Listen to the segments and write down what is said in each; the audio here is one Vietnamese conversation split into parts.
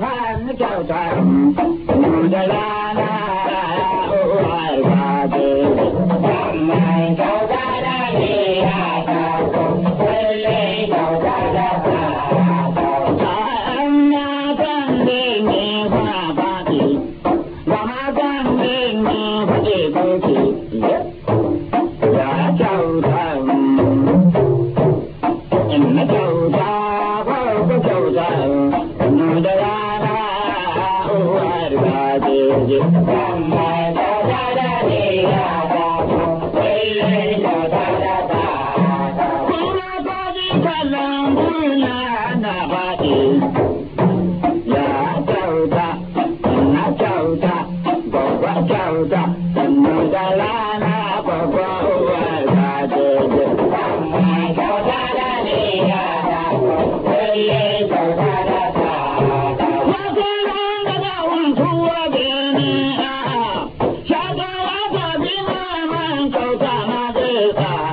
san chào chào đà la na oai ba đề mai chào đà la đi, ha chào cùng lê lê chào đà la Châu Gia, Châu Gia, Thank you.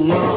Allah.